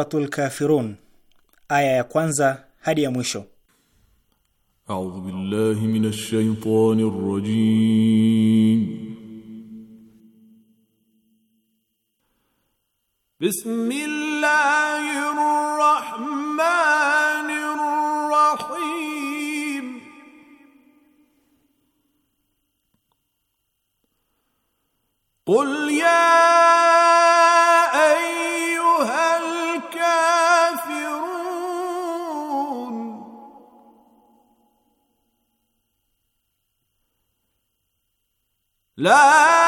Suratul Kafirun aya ya kwanza hadi ya mwisho. A'udhu billahi minash shaitanir rajim. Bismillah لا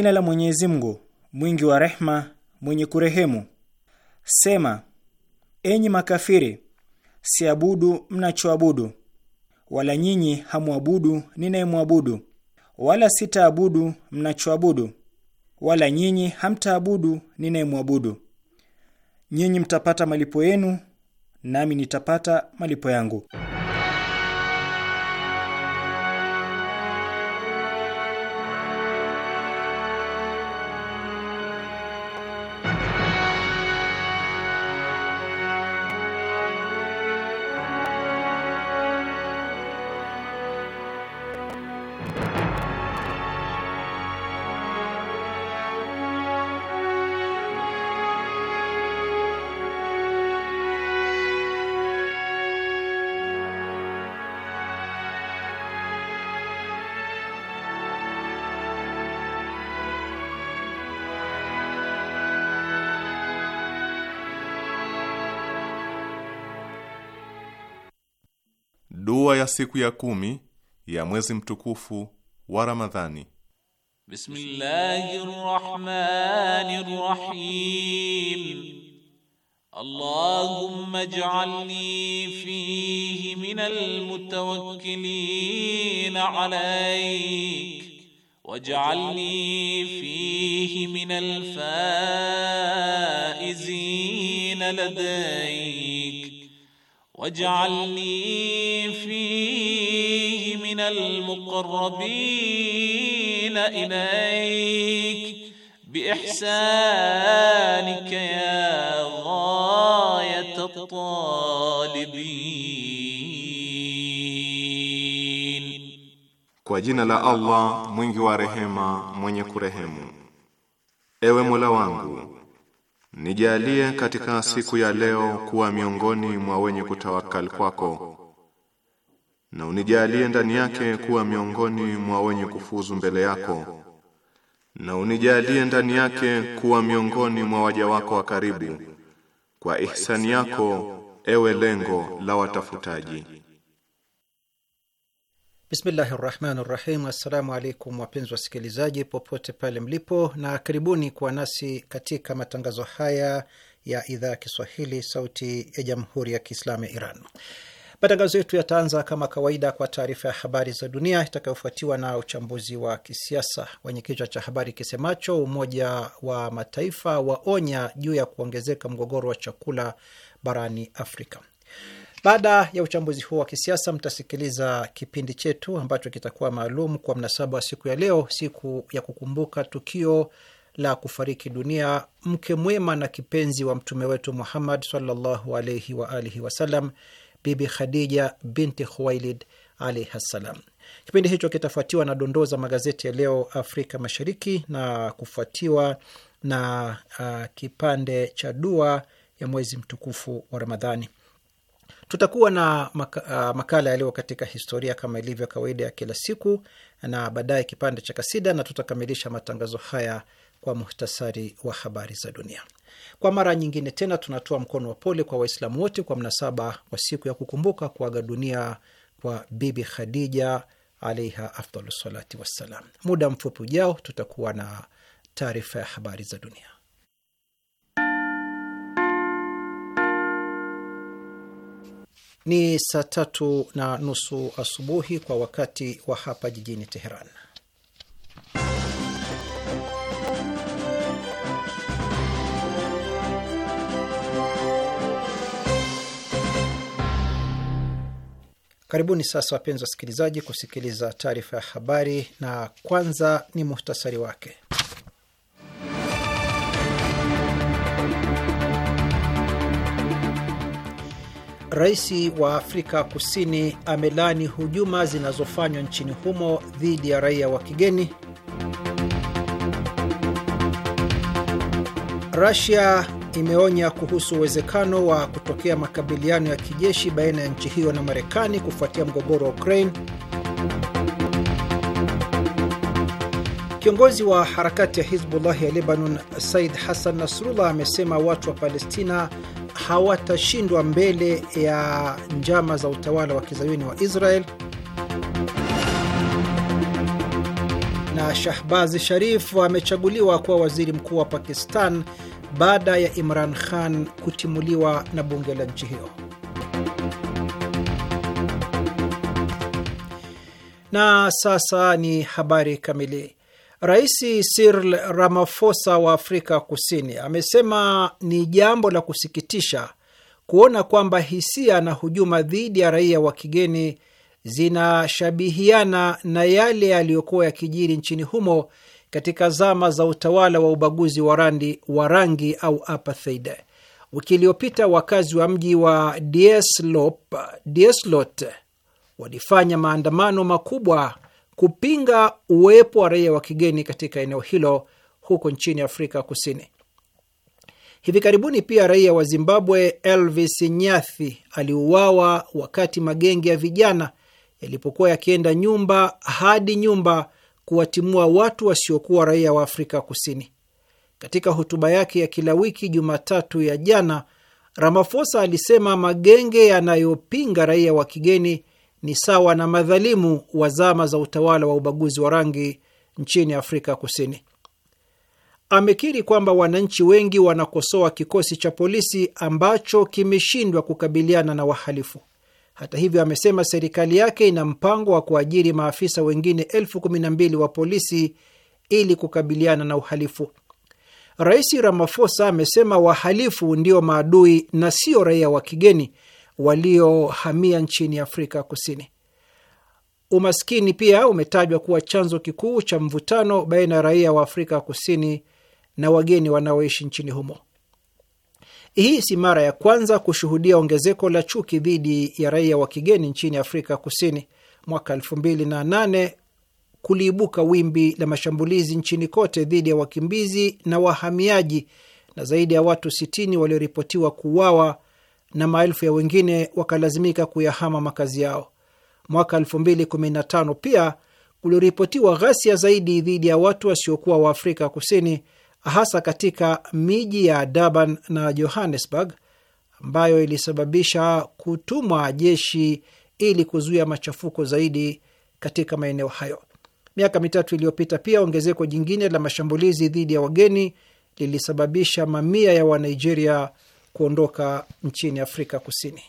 jina la Mwenyezi Mungu mwingi wa rehma, mwenye kurehemu. Sema, enyi makafiri, siabudu mnachoabudu, wala nyinyi hamwabudu ninayemwabudu, wala sitaabudu mnachoabudu, wala nyinyi hamtaabudu ninayemwabudu. Nyinyi mtapata malipo yenu, nami nitapata malipo yangu. ya siku ya kumi ya mwezi mtukufu wa Ramadhani. Bismillahirrahmanirrahim. Allahumma ij'alni fihi minal mutawakkilin alayk waj'alni fihi minal faizin ladayk waj'alni فيه من المقربين إليك بإحسانك يا غاية الطالبين Kwa jina la Allah mwingi wa rehema mwenye kurehemu, ewe Mola wangu nijalie katika siku ya leo kuwa miongoni mwa wenye kutawakal kwako na unijalie ndani yake kuwa miongoni mwa wenye kufuzu mbele yako, na unijalie ndani yake kuwa miongoni mwa waja wako wa karibu, kwa ihsani yako, ewe lengo la watafutaji. Bismillahi rahmani rahim. Assalamu alaikum wapenzi wasikilizaji popote pale mlipo, na karibuni kuwa nasi katika matangazo haya ya idhaa ya Kiswahili, Sauti ya Jamhuri ya Kiislamu ya Iran. Matangazo yetu yataanza kama kawaida kwa taarifa ya habari za dunia itakayofuatiwa na uchambuzi wa kisiasa wenye kichwa cha habari kisemacho Umoja wa Mataifa waonya juu ya kuongezeka mgogoro wa chakula barani Afrika. Baada ya uchambuzi huo wa kisiasa, mtasikiliza kipindi chetu ambacho kitakuwa maalum kwa mnasaba wa siku ya leo, siku ya kukumbuka tukio la kufariki dunia mke mwema na kipenzi wa mtume wetu Muhammad sallallahu alaihi wa alihi wasallam, Bibi Khadija binti Khuwailid alaihi ssalam. Kipindi hicho kitafuatiwa na dondoo za magazeti ya leo Afrika Mashariki na kufuatiwa na uh, kipande cha dua ya mwezi mtukufu wa Ramadhani. Tutakuwa na maka, uh, makala ya leo katika historia kama ilivyo kawaida ya kila siku, na baadaye kipande cha kasida, na tutakamilisha matangazo haya kwa muhtasari wa habari za dunia. Kwa mara nyingine tena tunatoa mkono wa pole kwa Waislamu wote kwa mnasaba wa siku ya kukumbuka kuaga dunia kwa Bibi Khadija alaiha afdhalu salati wassalam. Muda mfupi ujao tutakuwa na taarifa ya habari za dunia. Ni saa tatu na nusu asubuhi kwa wakati wa hapa jijini Teheran. Karibuni sasa wapenzi wasikilizaji, kusikiliza taarifa ya habari, na kwanza ni muhtasari wake. Rais wa Afrika Kusini amelani hujuma zinazofanywa nchini humo dhidi ya raia wa kigeni. Rasia imeonya kuhusu uwezekano wa kutokea makabiliano ya kijeshi baina ya nchi hiyo na Marekani kufuatia mgogoro wa Ukraine. Kiongozi wa harakati ya Hizbullah ya Lebanon, Said Hassan Nasrullah, amesema watu wa Palestina hawatashindwa mbele ya njama za utawala wa kizayuni wa Israel. Na Shahbaz Sharif amechaguliwa kuwa waziri mkuu wa Pakistan baada ya Imran Khan kutimuliwa na bunge la nchi hiyo. Na sasa ni habari kamili. Rais Cyril Ramaphosa wa Afrika Kusini amesema ni jambo la kusikitisha kuona kwamba hisia na hujuma dhidi ya raia wa kigeni zinashabihiana na yale yaliyokuwa yakijiri nchini humo katika zama za utawala wa ubaguzi wa rangi au apartheid. Wiki iliyopita wakazi wa mji wa Dieslot walifanya maandamano makubwa kupinga uwepo wa raia wa kigeni katika eneo hilo huko nchini Afrika Kusini. Hivi karibuni pia raia wa Zimbabwe Elvis Nyathi aliuawa wakati magenge ya vijana yalipokuwa yakienda nyumba hadi nyumba kuwatimua watu wasiokuwa raia wa Afrika Kusini. Katika hotuba yake ya kila wiki Jumatatu ya jana, Ramaphosa alisema magenge yanayopinga raia wa kigeni ni sawa na madhalimu wa zama za utawala wa ubaguzi wa rangi nchini Afrika Kusini. Amekiri kwamba wananchi wengi wanakosoa kikosi cha polisi ambacho kimeshindwa kukabiliana na wahalifu. Hata hivyo, amesema serikali yake ina mpango wa kuajiri maafisa wengine elfu kumi na mbili wa polisi ili kukabiliana na uhalifu. Rais Ramaphosa amesema wahalifu ndio maadui na sio raia wa kigeni waliohamia nchini Afrika Kusini. Umaskini pia umetajwa kuwa chanzo kikuu cha mvutano baina ya raia wa Afrika Kusini na wageni wanaoishi nchini humo. Hii si mara ya kwanza kushuhudia ongezeko la chuki dhidi ya raia wa kigeni nchini Afrika Kusini. Mwaka 2008 kuliibuka wimbi la mashambulizi nchini kote dhidi ya wakimbizi na wahamiaji, na zaidi ya watu 60 walioripotiwa kuuawa na maelfu ya wengine wakalazimika kuyahama makazi yao. Mwaka 2015 pia kuliripotiwa ghasia zaidi dhidi ya watu wasiokuwa wa Afrika Kusini hasa katika miji ya Durban na Johannesburg ambayo ilisababisha kutumwa jeshi ili kuzuia machafuko zaidi katika maeneo hayo. Miaka mitatu iliyopita pia ongezeko jingine la mashambulizi dhidi ya wageni lilisababisha mamia ya Wanigeria kuondoka nchini Afrika Kusini.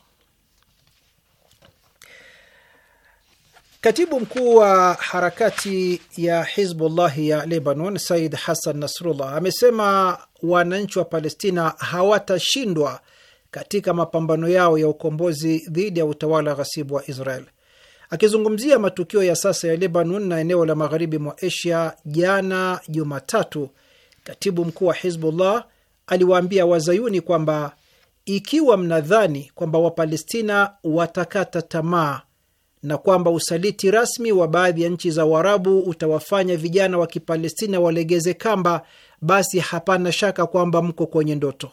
Katibu mkuu wa harakati ya Hizbullahi ya Lebanon, Said Hassan Nasrullah, amesema wananchi wa Palestina hawatashindwa katika mapambano yao ya ukombozi dhidi ya utawala ghasibu wa Israel. Akizungumzia matukio ya sasa ya Lebanon na eneo la magharibi mwa Asia jana Jumatatu, katibu mkuu wa Hizbullah aliwaambia wazayuni kwamba ikiwa mnadhani kwamba Wapalestina watakata tamaa na kwamba usaliti rasmi wa baadhi ya nchi za Uarabu utawafanya vijana wa Kipalestina walegeze kamba, basi hapana shaka kwamba mko kwenye ndoto.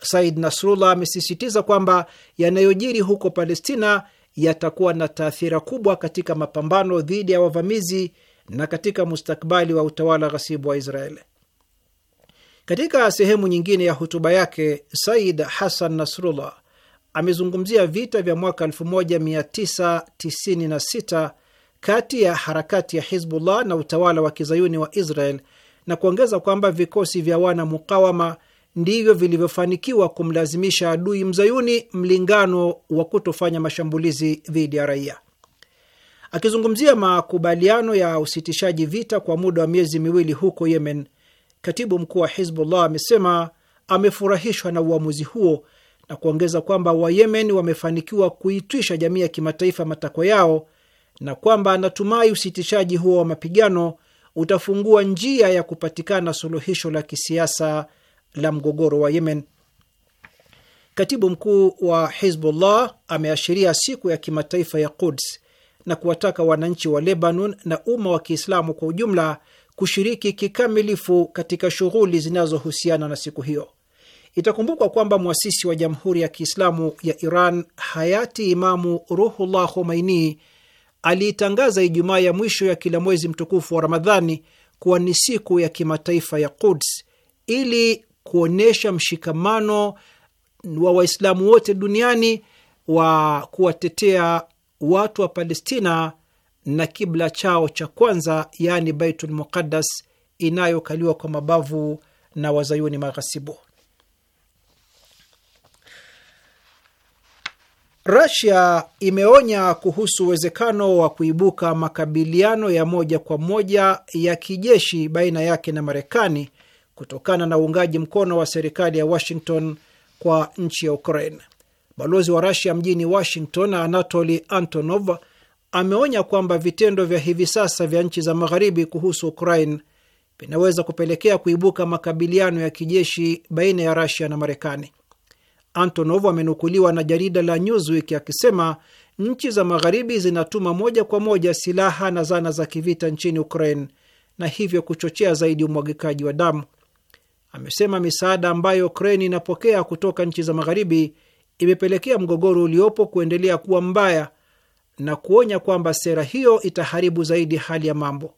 Said Nasrullah amesisitiza kwamba yanayojiri huko Palestina yatakuwa na taathira kubwa katika mapambano dhidi ya wavamizi na katika mustakbali wa utawala ghasibu wa Israeli. Katika sehemu nyingine ya hotuba yake, Said Hassan Nasrullah amezungumzia vita vya mwaka 1996 kati ya harakati ya Hizbullah na utawala wa kizayuni wa Israel na kuongeza kwamba vikosi vya wana mukawama ndivyo vilivyofanikiwa kumlazimisha adui mzayuni mlingano wa kutofanya mashambulizi dhidi ya raia. Akizungumzia makubaliano ya usitishaji vita kwa muda wa miezi miwili huko Yemen, katibu mkuu wa Hizbullah amesema amefurahishwa na uamuzi huo na kuongeza kwamba Wayemen wamefanikiwa kuitwisha jamii ya kimataifa matakwa yao na kwamba anatumai usitishaji huo wa mapigano utafungua njia ya kupatikana suluhisho la kisiasa la mgogoro wa Yemen. Katibu mkuu wa Hizbullah ameashiria siku ya kimataifa ya Quds na kuwataka wananchi wa Lebanon na umma wa Kiislamu kwa ujumla kushiriki kikamilifu katika shughuli zinazohusiana na siku hiyo. Itakumbukwa kwamba mwasisi wa Jamhuri ya Kiislamu ya Iran hayati Imamu Ruhullah Khomeini aliitangaza Ijumaa ya mwisho ya kila mwezi mtukufu wa Ramadhani kuwa ni siku ya kimataifa ya Quds ili kuonyesha mshikamano wa Waislamu wote duniani wa kuwatetea watu wa Palestina na kibla chao cha kwanza, yaani Baitul Muqaddas inayokaliwa kwa mabavu na wazayuni maghasibu. Rasia imeonya kuhusu uwezekano wa kuibuka makabiliano ya moja kwa moja ya kijeshi baina yake na Marekani kutokana na uungaji mkono wa serikali ya Washington kwa nchi ya Ukraine. Balozi wa Rasia mjini Washington, Anatoli Antonov, ameonya kwamba vitendo vya hivi sasa vya nchi za magharibi kuhusu Ukraine vinaweza kupelekea kuibuka makabiliano ya kijeshi baina ya Rasia na Marekani. Antonov amenukuliwa na jarida la Newsweek akisema nchi za Magharibi zinatuma moja kwa moja silaha na zana za kivita nchini Ukraine na hivyo kuchochea zaidi umwagikaji wa damu. Amesema misaada ambayo Ukraine inapokea kutoka nchi za Magharibi imepelekea mgogoro uliopo kuendelea kuwa mbaya na kuonya kwamba sera hiyo itaharibu zaidi hali ya mambo.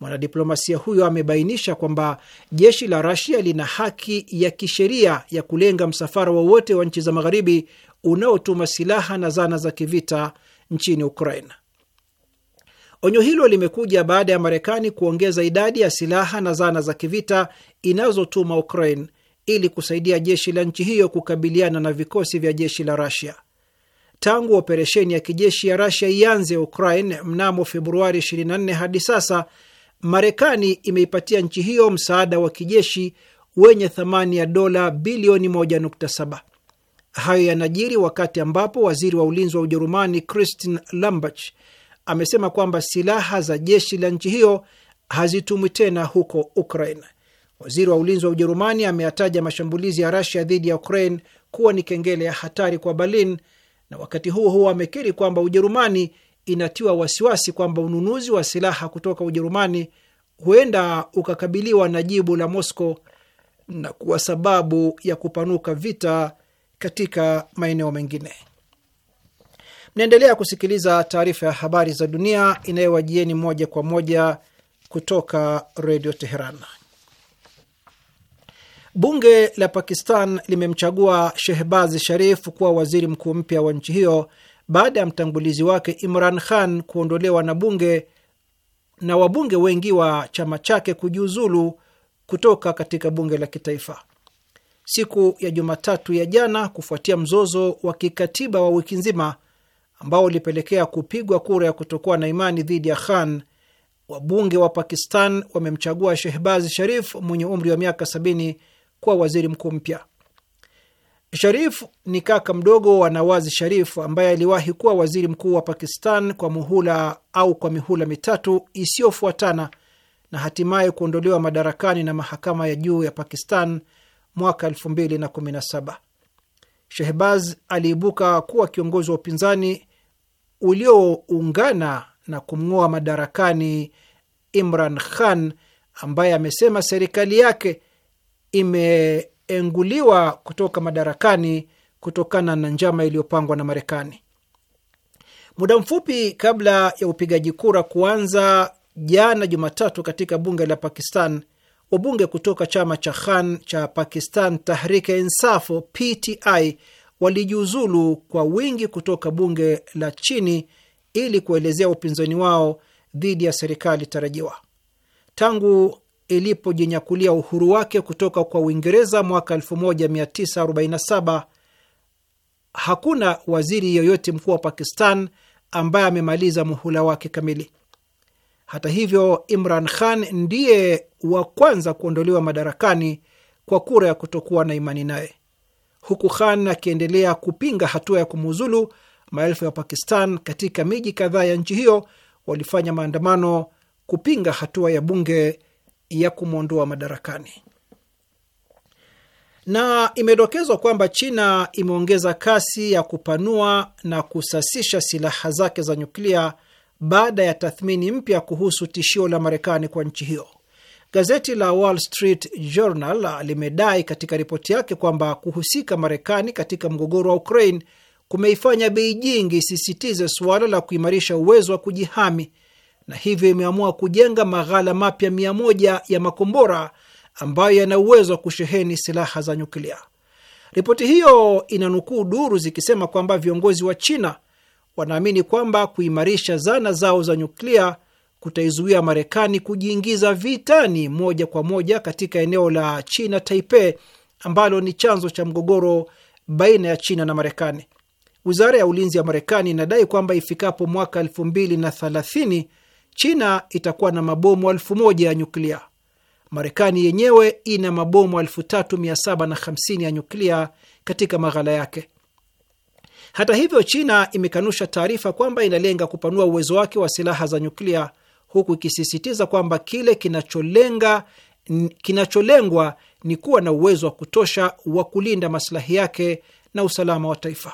Mwanadiplomasia huyo amebainisha kwamba jeshi la Rasia lina haki ya kisheria ya kulenga msafara wowote wa, wa nchi za magharibi unaotuma silaha na zana za kivita nchini Ukraina. Onyo hilo limekuja baada ya Marekani kuongeza idadi ya silaha na zana za kivita inazotuma Ukraine ili kusaidia jeshi la nchi hiyo kukabiliana na vikosi vya jeshi la Rasia. Tangu operesheni ya kijeshi ya Rasia ianze Ukraine mnamo Februari 24 hadi sasa Marekani imeipatia nchi hiyo msaada wa kijeshi wenye thamani ya dola bilioni 1.7. Hayo yanajiri wakati ambapo waziri wa ulinzi wa Ujerumani Christine Lambach amesema kwamba silaha za jeshi la nchi hiyo hazitumwi tena huko Ukraine. Waziri wa ulinzi wa Ujerumani ameyataja mashambulizi ya Russia dhidi ya Ukraine kuwa ni kengele ya hatari kwa Berlin, na wakati huo huo amekiri kwamba Ujerumani inatiwa wasiwasi kwamba ununuzi wa silaha kutoka Ujerumani huenda ukakabiliwa na jibu la mosco na kuwa sababu ya kupanuka vita katika maeneo mengine. Mnaendelea kusikiliza taarifa ya habari za dunia inayowajieni moja kwa moja kutoka redio Teheran. Bunge la Pakistan limemchagua Shehbaz Sharif kuwa waziri mkuu mpya wa nchi hiyo baada ya mtangulizi wake Imran Khan kuondolewa na bunge na wabunge wengi wa chama chake kujiuzulu kutoka katika bunge la kitaifa siku ya Jumatatu ya jana kufuatia mzozo wa kikatiba wa wiki nzima ambao ulipelekea kupigwa kura ya kutokuwa na imani dhidi ya Khan. Wabunge wa Pakistan wamemchagua Shehbaz Sharif mwenye umri wa miaka 7b kuwa waziri mkuu mpya. Sharif ni kaka mdogo wa Nawazi Sharif ambaye aliwahi kuwa waziri mkuu wa Pakistan kwa muhula au kwa mihula mitatu isiyofuatana na hatimaye kuondolewa madarakani na mahakama ya juu ya Pakistan mwaka 2017. Shehbaz aliibuka kuwa kiongozi wa upinzani ulioungana na kumng'oa madarakani Imran Khan ambaye amesema serikali yake ime kuenguliwa kutoka madarakani kutokana na njama iliyopangwa na Marekani. Muda mfupi kabla ya upigaji kura kuanza jana Jumatatu katika bunge la Pakistan, wabunge kutoka chama cha Khan cha Pakistan Tahrike Insafu PTI walijiuzulu kwa wingi kutoka bunge la chini ili kuelezea upinzani wao dhidi ya serikali tarajiwa. Tangu ilipojinyakulia uhuru wake kutoka kwa Uingereza mwaka 1947 hakuna waziri yeyote mkuu wa Pakistan ambaye amemaliza muhula wake kamili. Hata hivyo, Imran Khan ndiye wa kwanza kuondolewa madarakani kwa kura ya kutokuwa na imani naye, huku Khan akiendelea kupinga hatua ya kumuuzulu. Maelfu ya Pakistan katika miji kadhaa ya nchi hiyo walifanya maandamano kupinga hatua ya bunge ya kumwondoa madarakani. Na imedokezwa kwamba China imeongeza kasi ya kupanua na kusasisha silaha zake za nyuklia baada ya tathmini mpya kuhusu tishio la Marekani kwa nchi hiyo. Gazeti la Wall Street Journal limedai katika ripoti yake kwamba kuhusika Marekani katika mgogoro wa Ukraine kumeifanya Beijing isisitize suala la kuimarisha uwezo wa kujihami na hivyo imeamua kujenga maghala mapya mia moja ya makombora ambayo yana uwezo wa kusheheni silaha za nyuklia. Ripoti hiyo inanukuu duru zikisema kwamba viongozi wa China wanaamini kwamba kuimarisha zana zao za nyuklia kutaizuia Marekani kujiingiza vitani moja kwa moja katika eneo la China Taipei ambalo ni chanzo cha mgogoro baina ya China na Marekani. Wizara ya ulinzi ya Marekani inadai kwamba ifikapo mwaka elfu mbili na thelathini China itakuwa na mabomu elfu moja ya nyuklia. Marekani yenyewe ina mabomu elfu tatu mia saba na hamsini ya nyuklia katika maghala yake. Hata hivyo, China imekanusha taarifa kwamba inalenga kupanua uwezo wake wa silaha za nyuklia, huku ikisisitiza kwamba kile kinacholenga kinacholengwa ni kuwa na uwezo wa kutosha wa kulinda masilahi yake na usalama wa taifa.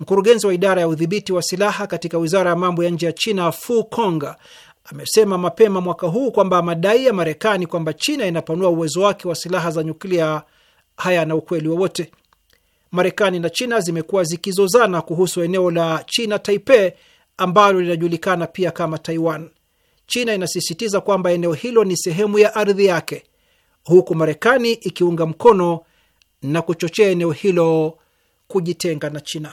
Mkurugenzi wa idara ya udhibiti wa silaha katika wizara ya mambo ya nje ya China, Fu Kong, amesema mapema mwaka huu kwamba madai ya Marekani kwamba China inapanua uwezo wake wa silaha za nyuklia hayana ukweli wowote. Marekani na China zimekuwa zikizozana kuhusu eneo la China Taipei ambalo linajulikana pia kama Taiwan. China inasisitiza kwamba eneo hilo ni sehemu ya ardhi yake, huku Marekani ikiunga mkono na kuchochea eneo hilo kujitenga na China.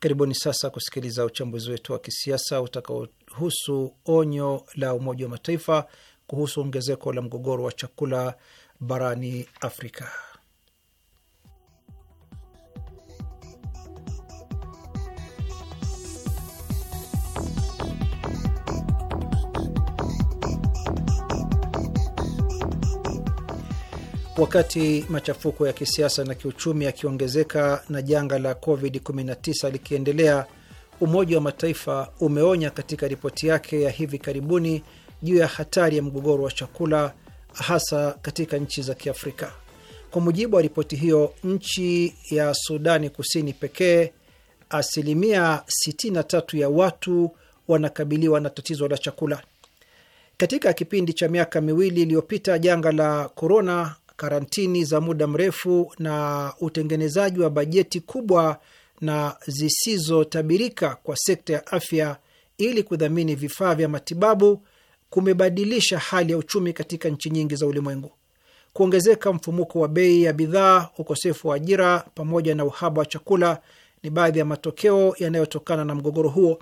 Karibuni sasa kusikiliza uchambuzi wetu wa kisiasa utakaohusu onyo la Umoja wa Mataifa kuhusu ongezeko la mgogoro wa chakula barani Afrika. Wakati machafuko ya kisiasa na kiuchumi yakiongezeka na janga la COVID-19 likiendelea, Umoja wa Mataifa umeonya katika ripoti yake ya hivi karibuni juu ya hatari ya mgogoro wa chakula hasa katika nchi za Kiafrika. Kwa mujibu wa ripoti hiyo, nchi ya Sudani Kusini pekee, asilimia 63 ya watu wanakabiliwa na tatizo la chakula. Katika kipindi cha miaka miwili iliyopita, janga la korona karantini za muda mrefu na utengenezaji wa bajeti kubwa na zisizotabirika kwa sekta ya afya ili kudhamini vifaa vya matibabu kumebadilisha hali ya uchumi katika nchi nyingi za ulimwengu. Kuongezeka mfumuko wa bei ya bidhaa, ukosefu wa ajira, pamoja na uhaba wa chakula ni baadhi ya matokeo yanayotokana na mgogoro huo.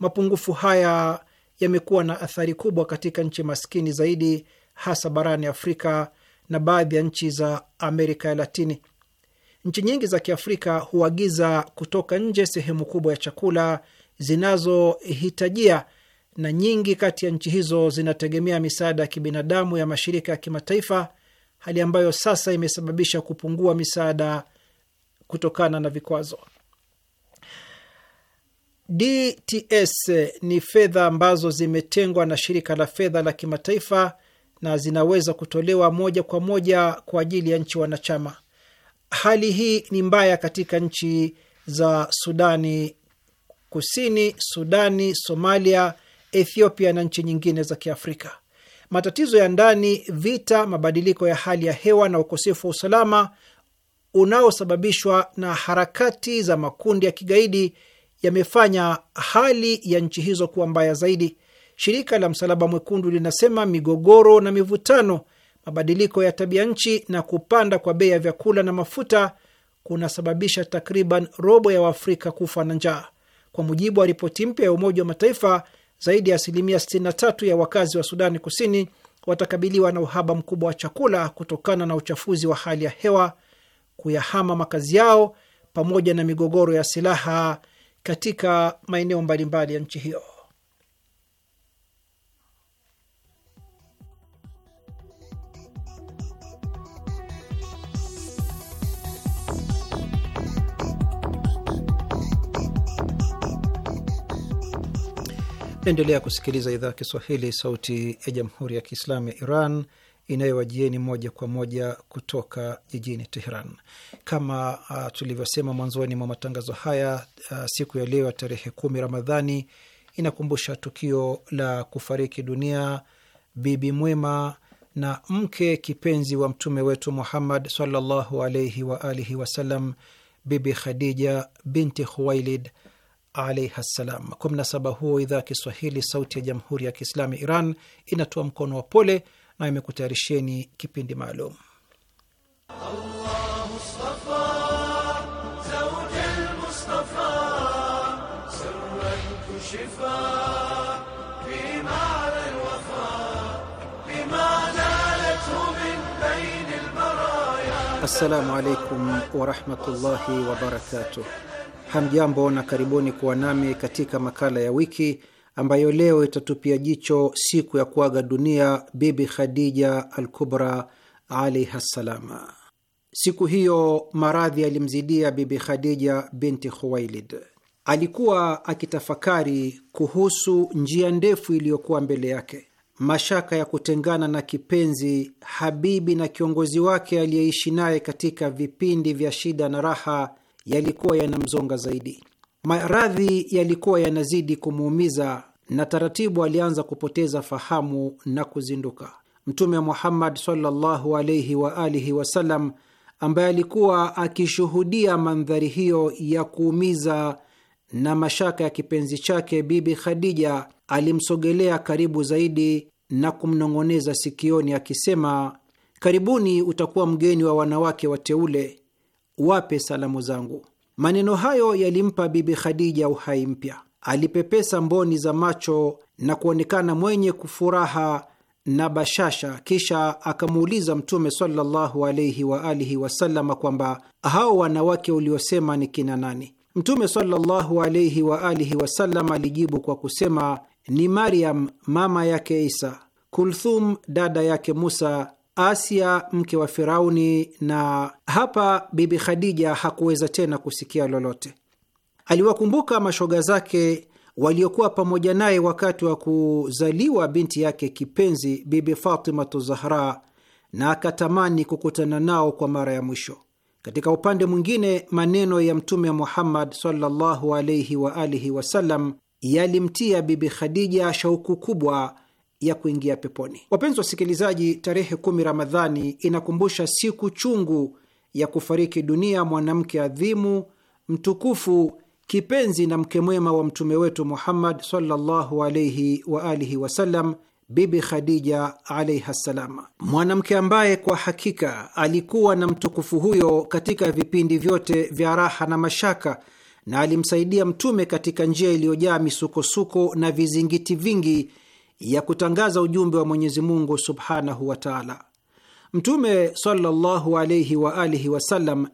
Mapungufu haya yamekuwa na athari kubwa katika nchi maskini zaidi, hasa barani Afrika na baadhi ya nchi za Amerika ya Latini. Nchi nyingi za Kiafrika huagiza kutoka nje sehemu kubwa ya chakula zinazohitajia, na nyingi kati ya nchi hizo zinategemea misaada ya kibinadamu ya mashirika ya kimataifa, hali ambayo sasa imesababisha kupungua misaada kutokana na vikwazo. DTS ni fedha ambazo zimetengwa na shirika la fedha la kimataifa na zinaweza kutolewa moja kwa moja kwa ajili ya nchi wanachama. Hali hii ni mbaya katika nchi za Sudani Kusini, Sudani, Somalia, Ethiopia na nchi nyingine za Kiafrika. Matatizo ya ndani, vita, mabadiliko ya hali ya hewa na ukosefu wa usalama unaosababishwa na harakati za makundi ya kigaidi yamefanya hali ya nchi hizo kuwa mbaya zaidi Shirika la Msalaba Mwekundu linasema migogoro na mivutano, mabadiliko ya tabia nchi na kupanda kwa bei ya vyakula na mafuta kunasababisha takriban robo ya Waafrika kufa na njaa. Kwa mujibu wa ripoti mpya ya Umoja wa Mataifa, zaidi ya asilimia 63 ya wakazi wa Sudani Kusini watakabiliwa na uhaba mkubwa wa chakula kutokana na uchafuzi wa hali ya hewa, kuyahama makazi yao, pamoja na migogoro ya silaha katika maeneo mbalimbali ya nchi hiyo. Naendelea kusikiliza idhaa Kiswahili, sauti ya jamhuri ya kiislamu ya Iran inayowajieni moja kwa moja kutoka jijini Teheran. Kama uh, tulivyosema mwanzoni mwa matangazo haya uh, siku ya leo ya tarehe kumi Ramadhani inakumbusha tukio la kufariki dunia bibi mwema na mke kipenzi wa mtume wetu Muhammad sallallahu alaihi waalihi wasalam, Bibi Khadija binti Khuwailid alaihi ssalam. Kwa mnasaba huo, idhaa ya Kiswahili sauti ya jamhuri ya kiislamu ya Iran inatoa mkono wa pole na imekutayarisheni kipindi maalum Assalamu alaikum warahmatullahi wabarakatuh. Hamjambo na karibuni kuwa nami katika makala ya wiki ambayo leo itatupia jicho siku ya kuaga dunia Bibi Khadija Al-Kubra alaiha ssalama. Siku hiyo maradhi alimzidia Bibi Khadija binti Khuwailid. Alikuwa akitafakari kuhusu njia ndefu iliyokuwa mbele yake, mashaka ya kutengana na kipenzi habibi na kiongozi wake aliyeishi naye katika vipindi vya shida na raha yalikuwa yanamzonga zaidi. Maradhi yalikuwa yanazidi kumuumiza na taratibu alianza kupoteza fahamu na kuzinduka. Mtume Muhammad sallallahu alaihi wa alihi wasallam, ambaye alikuwa akishuhudia mandhari hiyo ya kuumiza na mashaka ya kipenzi chake Bibi Khadija, alimsogelea karibu zaidi na kumnong'oneza sikioni akisema, karibuni utakuwa mgeni wa wanawake wateule wape salamu zangu. Maneno hayo yalimpa Bibi Khadija uhai mpya. Alipepesa mboni za macho na kuonekana mwenye kufuraha na bashasha. Kisha akamuuliza Mtume sallallahu alaihi kwamba hao wanawake uliosema ni kina nani? Mtume sallallahu alaihi alijibu kwa kusema ni Maryam mama yake Isa, Kulthum dada yake Musa Asia mke wa Firauni, na hapa Bibi Khadija hakuweza tena kusikia lolote. Aliwakumbuka mashoga zake waliokuwa pamoja naye wakati wa kuzaliwa binti yake kipenzi Bibi Fatimatu Zahra na akatamani kukutana nao kwa mara ya mwisho. Katika upande mwingine, maneno ya Mtume Muhammad sallallahu alaihi waalihi wasallam yalimtia Bibi Khadija shauku kubwa ya kuingia peponi. Wapenzi wasikilizaji, tarehe kumi Ramadhani inakumbusha siku chungu ya kufariki dunia mwanamke adhimu mtukufu, kipenzi na mke mwema wa mtume wetu Muhammad sallallahu alaihi wa alihi wasallam, Bibi Khadija alaiha ssalam, mwanamke ambaye kwa hakika alikuwa na mtukufu huyo katika vipindi vyote vya raha na mashaka na alimsaidia mtume katika njia iliyojaa misukosuko na vizingiti vingi ya kutangaza ujumbe wa Mwenyezi Mungu subhanahu wa taala. Mtume sallallahu wa alihi wasallam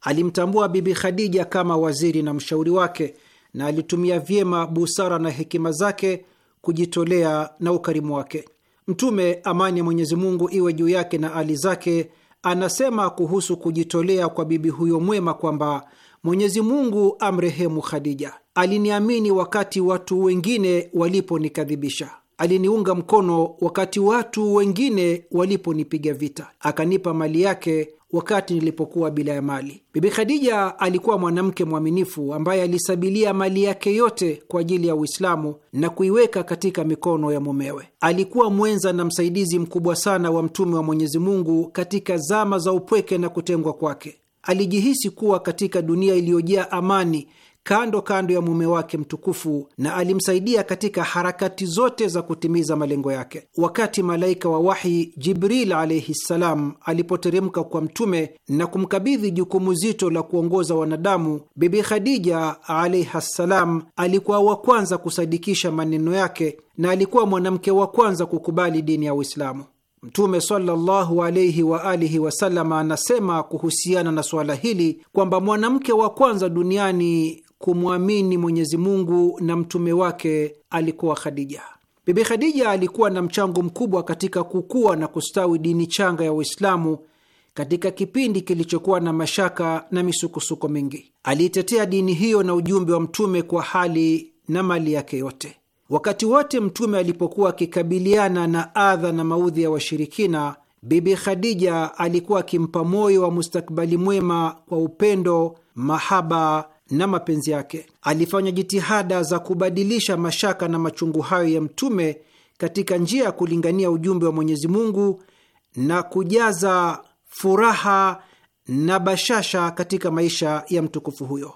alimtambua Bibi Khadija kama waziri na mshauri wake na alitumia vyema busara na hekima zake kujitolea na ukarimu wake. Mtume, amani ya Mwenyezi Mungu iwe juu yake na ali zake, anasema kuhusu kujitolea kwa bibi huyo mwema kwamba Mwenyezi Mungu amrehemu Khadija, aliniamini wakati watu wengine waliponikadhibisha aliniunga mkono wakati watu wengine waliponipiga vita, akanipa mali yake wakati nilipokuwa bila ya mali. Bibi Khadija alikuwa mwanamke mwaminifu ambaye alisabilia mali yake yote kwa ajili ya Uislamu na kuiweka katika mikono ya mumewe. Alikuwa mwenza na msaidizi mkubwa sana wa Mtume wa Mwenyezi Mungu katika zama za upweke na kutengwa kwake. Alijihisi kuwa katika dunia iliyojaa amani kando kando ya mume wake mtukufu na alimsaidia katika harakati zote za kutimiza malengo yake. Wakati malaika wa wahi Jibril alaihi ssalam alipoteremka kwa Mtume na kumkabidhi jukumu zito la kuongoza wanadamu, Bibi Khadija alaiha ssalam alikuwa wa kwanza kusadikisha maneno yake na alikuwa mwanamke wa kwanza kukubali dini ya Uislamu. Mtume sallallahu wa alihi wasallam anasema kuhusiana na suala hili kwamba mwanamke wa kwanza duniani kumwamini Mwenyezi Mungu na mtume wake alikuwa Khadija. Bibi Khadija alikuwa na mchango mkubwa katika kukua na kustawi dini changa ya Uislamu katika kipindi kilichokuwa na mashaka na misukosuko mingi. Aliitetea dini hiyo na ujumbe wa mtume kwa hali na mali yake yote. Wakati wote mtume alipokuwa akikabiliana na adha na maudhi ya washirikina, Bibi Khadija alikuwa akimpa moyo wa mustakbali mwema kwa upendo, mahaba na mapenzi yake. Alifanya jitihada za kubadilisha mashaka na machungu hayo ya mtume katika njia ya kulingania ujumbe wa Mwenyezi Mungu na kujaza furaha na bashasha katika maisha ya mtukufu huyo.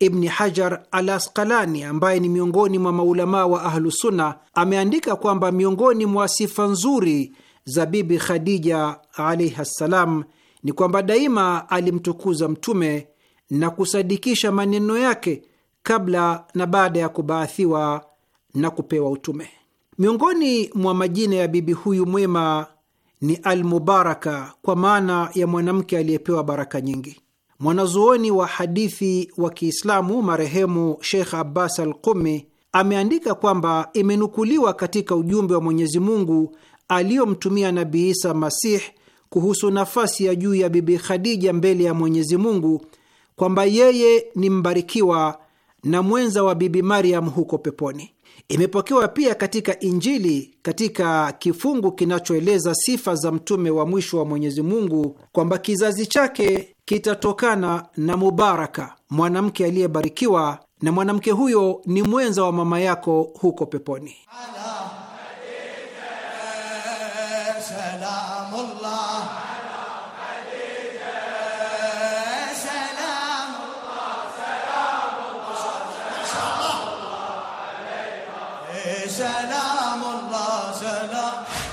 Ibni Hajar al Asqalani, ambaye ni miongoni mwa maulamaa wa Ahlusunna, ameandika kwamba miongoni mwa sifa nzuri za Bibi Khadija alaihi ssalam ni kwamba daima alimtukuza Mtume na kusadikisha maneno yake kabla na baada ya kubaathiwa na kupewa utume. Miongoni mwa majina ya bibi huyu mwema ni Almubaraka, kwa maana ya mwanamke aliyepewa baraka nyingi. Mwanazuoni wa hadithi wa Kiislamu marehemu Sheikh Abbas al Qumi ameandika kwamba imenukuliwa katika ujumbe wa Mwenyezi Mungu aliyomtumia Nabii Isa Masih kuhusu nafasi ya juu ya Bibi Khadija mbele ya Mwenyezi Mungu kwamba yeye ni mbarikiwa na mwenza wa Bibi Mariam huko peponi. Imepokewa pia katika Injili katika kifungu kinachoeleza sifa za mtume wa mwisho wa Mwenyezi Mungu kwamba kizazi chake kitatokana na Mubaraka, mwanamke aliyebarikiwa, na mwanamke huyo ni mwenza wa mama yako huko peponi.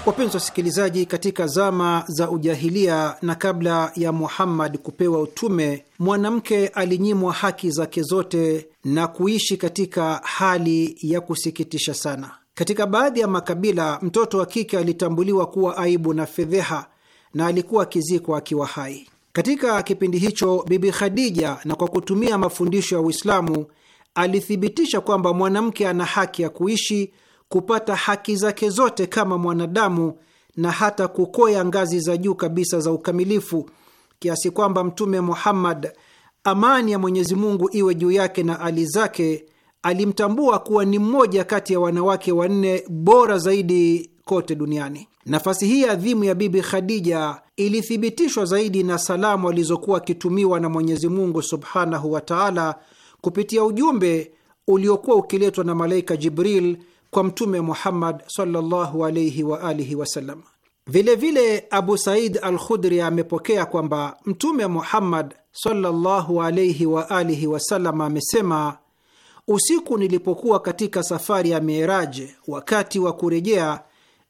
Wapenzi wasikilizaji, katika zama za ujahilia na kabla ya Muhammad kupewa utume, mwanamke alinyimwa haki zake zote na kuishi katika hali ya kusikitisha sana. Katika baadhi ya makabila, mtoto wa kike alitambuliwa kuwa aibu na fedheha na alikuwa akizikwa akiwa hai. Katika kipindi hicho, Bibi Khadija, na kwa kutumia mafundisho ya Uislamu, alithibitisha kwamba mwanamke ana haki ya kuishi kupata haki zake zote kama mwanadamu na hata kukoya ngazi za juu kabisa za ukamilifu, kiasi kwamba Mtume Muhammad, amani ya Mwenyezi Mungu iwe juu yake na ali zake, alimtambua kuwa ni mmoja kati ya wanawake wanne bora zaidi kote duniani. Nafasi hii adhimu ya Bibi Khadija ilithibitishwa zaidi na salamu alizokuwa akitumiwa na Mwenyezi Mungu subhanahu wa taala kupitia ujumbe uliokuwa ukiletwa na malaika Jibril kwa Mtume Muhammad sallallahu alaihi wa alihi wasallam. Vilevile Abu Said al Khudri amepokea kwamba Mtume Muhammad sallallahu alaihi wa alihi wasallam amesema, usiku nilipokuwa katika safari ya Miraj, wakati wa kurejea,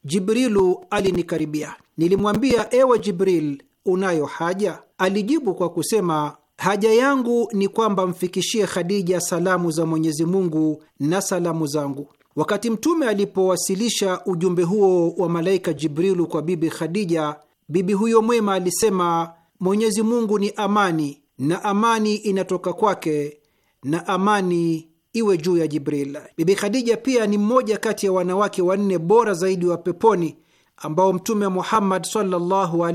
Jibrilu alinikaribia. Nilimwambia, ewe Jibril, unayo haja? Alijibu kwa kusema Haja yangu ni kwamba mfikishie Khadija salamu za Mwenyezi Mungu na salamu zangu. Wakati Mtume alipowasilisha ujumbe huo wa malaika Jibrilu kwa Bibi Khadija, bibi huyo mwema alisema, Mwenyezi Mungu ni amani, na amani inatoka kwake, na amani iwe juu ya Jibril. Bibi Khadija pia ni mmoja kati ya wanawake wanne bora zaidi wa peponi ambao Mtume Muhammad sallallahu wa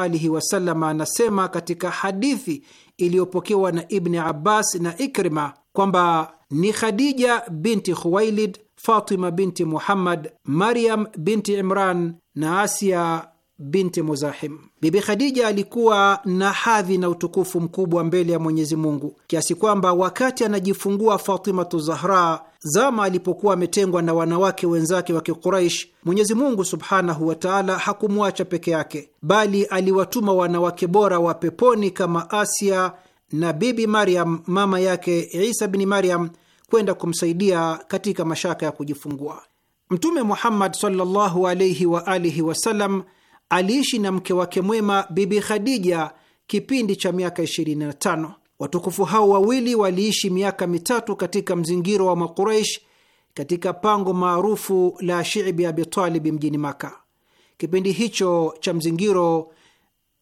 alihi wasallam anasema katika hadithi iliyopokewa na Ibni Abbas na Ikrima kwamba ni Khadija binti Khuwailid Fatima binti Muhammad, Maryam binti Imran na Asia binti Muzahim. Bibi Khadija alikuwa na hadhi na utukufu mkubwa mbele ya Mwenyezi Mungu kiasi kwamba wakati anajifungua Fatimatu Zahra, zama alipokuwa ametengwa na wanawake wenzake wa Kiquraish, Mwenyezi Mungu subhanahu wa taala hakumwacha peke yake, bali aliwatuma wanawake bora wa peponi kama Asia na Bibi Maryam mama yake Isa bini Maryam kwenda kumsaidia katika mashaka ya kujifungua. Mtume Muhammad sallallahu alaihi wa alihi wasallam aliishi na mke wake mwema Bibi Khadija kipindi cha miaka 25. Watukufu hao wawili waliishi miaka mitatu katika mzingiro wa Makuraish katika pango maarufu la Shibi Abitalibi mjini Maka. Kipindi hicho cha mzingiro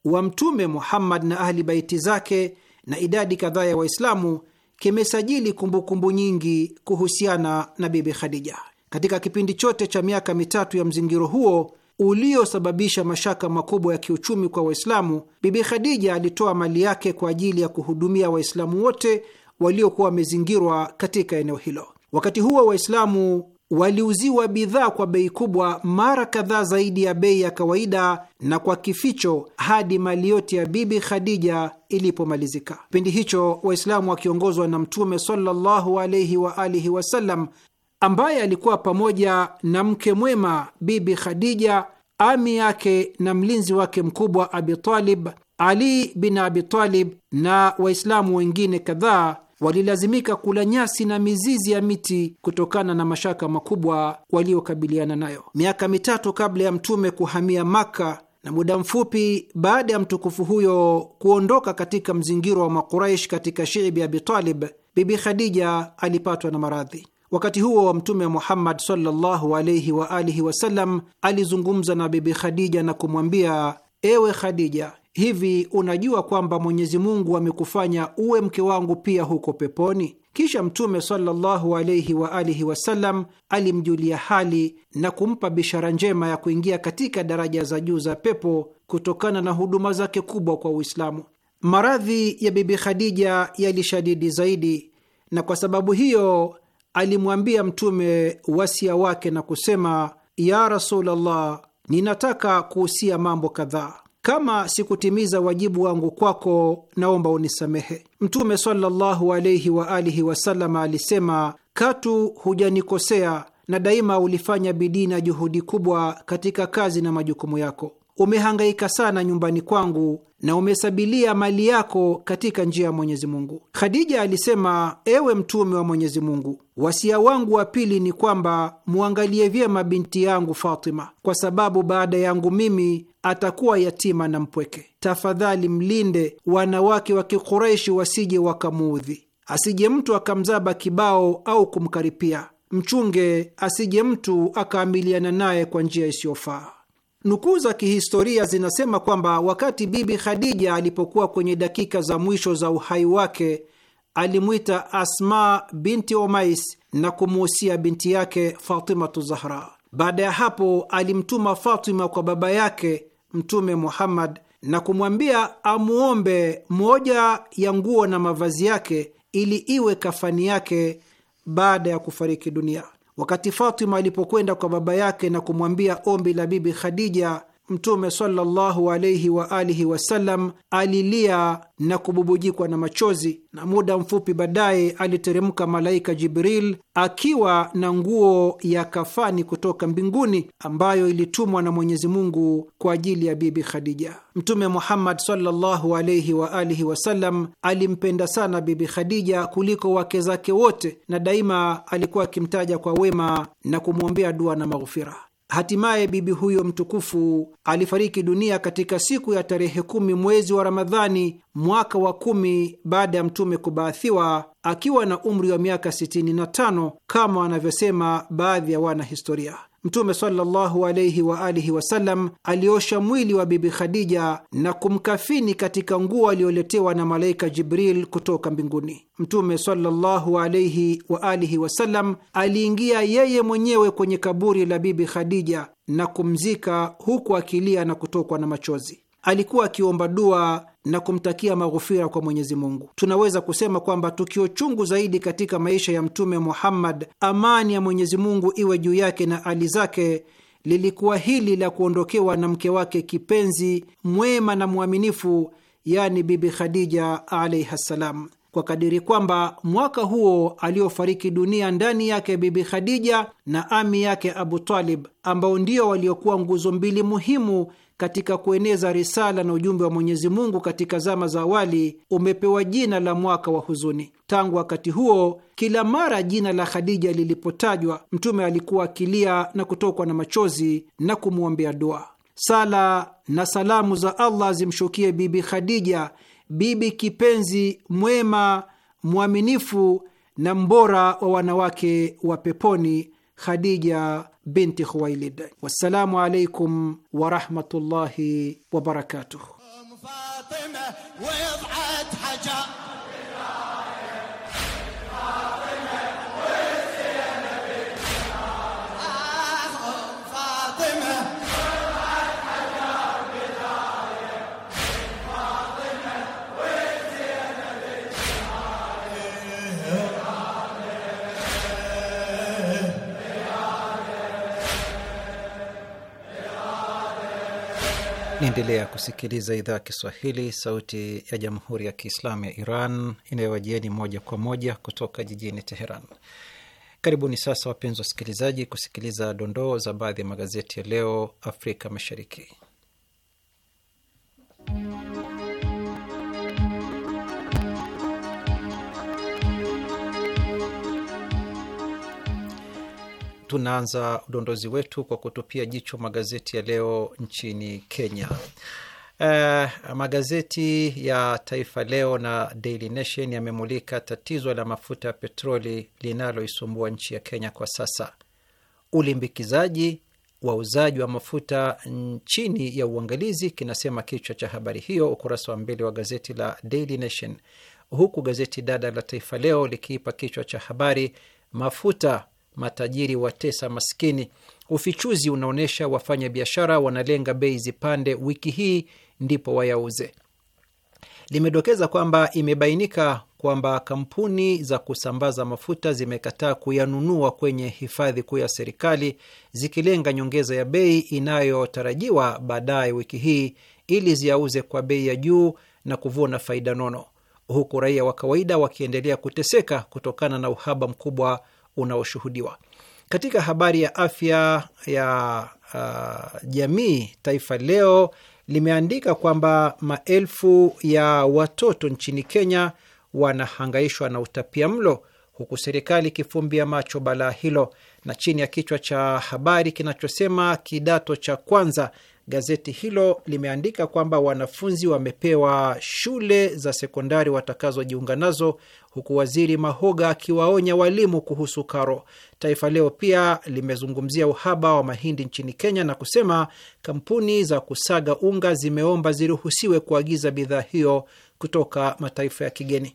wa Mtume Muhammad na ahli baiti zake na idadi kadhaa ya Waislamu kimesajili kumbukumbu nyingi kuhusiana na Bibi Khadija. Katika kipindi chote cha miaka mitatu ya mzingiro huo uliosababisha mashaka makubwa ya kiuchumi kwa Waislamu, Bibi Khadija alitoa mali yake kwa ajili ya kuhudumia Waislamu wote waliokuwa wamezingirwa katika eneo hilo. Wakati huo Waislamu waliuziwa bidhaa kwa bei kubwa mara kadhaa zaidi ya bei ya kawaida na kwa kificho hadi mali yote ya Bibi Khadija ilipomalizika. Kipindi hicho Waislamu wakiongozwa na Mtume sallallahu alaihi wa alihi wasallam, ambaye alikuwa pamoja na mke mwema Bibi Khadija, ami yake na mlinzi wake mkubwa Abitalib, Ali bin Abitalib na Waislamu wengine kadhaa walilazimika kula nyasi na mizizi ya miti kutokana na mashaka makubwa waliokabiliana nayo. Miaka mitatu kabla ya Mtume kuhamia Maka na muda mfupi baada ya mtukufu huyo kuondoka katika mzingiro wa Makuraish katika Shiibi Abitalib, Bibi Khadija alipatwa na maradhi. Wakati huo wa Mtume Muhammad sallallahu wa alihi wasallam alizungumza na Bibi Khadija na kumwambia, ewe Khadija, hivi unajua kwamba Mwenyezi Mungu amekufanya uwe mke wangu pia huko peponi? Kisha Mtume sallallahu alaihi wa alihi wasallam alimjulia hali na kumpa bishara njema ya kuingia katika daraja za juu za pepo kutokana na huduma zake kubwa kwa Uislamu. Maradhi ya Bibi Khadija yalishadidi zaidi, na kwa sababu hiyo alimwambia Mtume wasia wake na kusema, ya Rasulullah, ninataka kuhusia mambo kadhaa kama sikutimiza wajibu wangu kwako, naomba unisamehe. Mtume sallallahu alaihi wa alihi wasallam alisema, katu hujanikosea na daima ulifanya bidii na juhudi kubwa katika kazi na majukumu yako. Umehangaika sana nyumbani kwangu na umesabilia mali yako katika njia ya Mwenyezi Mungu. Khadija alisema, ewe mtume wa Mwenyezi Mungu, wasia wangu wa pili ni kwamba muangalie vyema binti yangu Fatima, kwa sababu baada yangu mimi atakuwa yatima na mpweke. Tafadhali mlinde wanawake wa Kikureishi wasije wakamuudhi, asije mtu akamzaba kibao au kumkaripia. Mchunge asije mtu akaamiliana naye kwa njia isiyofaa. Nukuu za kihistoria zinasema kwamba wakati Bibi Khadija alipokuwa kwenye dakika za mwisho za uhai wake alimwita Asma binti Omais na kumuhusia binti yake Fatimatu Zahra. Baada ya hapo alimtuma Fatima kwa baba yake Mtume Muhammad na kumwambia amwombe moja ya nguo na mavazi yake ili iwe kafani yake baada ya kufariki dunia. Wakati Fatima alipokwenda kwa baba yake na kumwambia ombi la Bibi Khadija Mtume sallallahu wa alihi wasallam alilia na kububujikwa na machozi, na muda mfupi baadaye aliteremka malaika Jibril akiwa na nguo ya kafani kutoka mbinguni ambayo ilitumwa na Mwenyezi Mungu kwa ajili ya Bibi Khadija. Mtume Muhammad sallallahu wa alihi wasallam alimpenda sana Bibi Khadija kuliko wake zake wote, na daima alikuwa akimtaja kwa wema na kumwombea dua na maghufira. Hatimaye bibi huyo mtukufu alifariki dunia katika siku ya tarehe kumi mwezi wa Ramadhani mwaka wa kumi baada ya Mtume kubaathiwa akiwa na umri wa miaka 65 kama wanavyosema baadhi ya wanahistoria. Mtume sallallahu alayhi wa alihi wasallam aliosha mwili wa Bibi Khadija na kumkafini katika nguo aliyoletewa na malaika Jibril kutoka mbinguni. Mtume sallallahu alayhi wa alihi wasallam aliingia yeye mwenyewe kwenye kaburi la Bibi Khadija na kumzika huku akilia na kutokwa na machozi. Alikuwa akiomba dua na kumtakia maghufira kwa Mwenyezi Mungu. Tunaweza kusema kwamba tukio chungu zaidi katika maisha ya Mtume Muhammad, amani ya Mwenyezi Mungu iwe juu yake na ali zake, lilikuwa hili la kuondokewa na mke wake kipenzi, mwema na mwaminifu, yani Bibi Khadija alaihi ssalam, kwa kadiri kwamba mwaka huo aliofariki dunia ndani yake Bibi Khadija na ami yake Abu Talib, ambao ndio waliokuwa nguzo mbili muhimu katika kueneza risala na ujumbe wa Mwenyezi Mungu katika zama za awali umepewa jina la mwaka wa huzuni. Tangu wakati huo, kila mara jina la Khadija lilipotajwa, Mtume alikuwa akilia na kutokwa na machozi na kumwombea dua. Sala na salamu za Allah zimshukie Bibi Khadija, bibi kipenzi, mwema, mwaminifu na mbora wa wanawake wa peponi, Khadija بنت خويلد والسلام عليكم ورحمة الله وبركاته Naendelea kusikiliza idhaa ya Kiswahili, sauti ya jamhuri ya kiislamu ya Iran inayowajieni moja kwa moja kutoka jijini Teheran. Karibuni sasa, wapenzi wasikilizaji, kusikiliza dondoo za baadhi ya magazeti ya leo Afrika Mashariki. Tunaanza udondozi wetu kwa kutupia jicho magazeti ya leo nchini Kenya. Uh, magazeti ya Taifa Leo na Daily Nation yamemulika tatizo la mafuta ya petroli linaloisumbua nchi ya Kenya kwa sasa. Ulimbikizaji wauzaji wa mafuta chini ya uangalizi, kinasema kichwa cha habari hiyo, ukurasa wa mbele wa gazeti la Daily Nation, huku gazeti dada la Taifa Leo likiipa kichwa cha habari mafuta matajiri watesa maskini. Ufichuzi unaonyesha wafanya biashara wanalenga bei zipande wiki hii ndipo wayauze. Limedokeza kwamba imebainika kwamba kampuni za kusambaza mafuta zimekataa kuyanunua kwenye hifadhi kuu ya serikali zikilenga nyongeza ya bei inayotarajiwa baadaye wiki hii ili ziyauze kwa bei ya juu na kuvuna faida nono, huku raia wa kawaida wakiendelea kuteseka kutokana na uhaba mkubwa unaoshuhudiwa. Katika habari ya afya ya uh, jamii, Taifa Leo limeandika kwamba maelfu ya watoto nchini Kenya wanahangaishwa na utapia mlo huku serikali ikifumbia macho balaa hilo, na chini ya kichwa cha habari kinachosema kidato cha kwanza Gazeti hilo limeandika kwamba wanafunzi wamepewa shule za sekondari watakazojiunga nazo, huku waziri Mahoga akiwaonya walimu kuhusu karo. Taifa Leo pia limezungumzia uhaba wa mahindi nchini Kenya na kusema kampuni za kusaga unga zimeomba ziruhusiwe kuagiza bidhaa hiyo kutoka mataifa ya kigeni.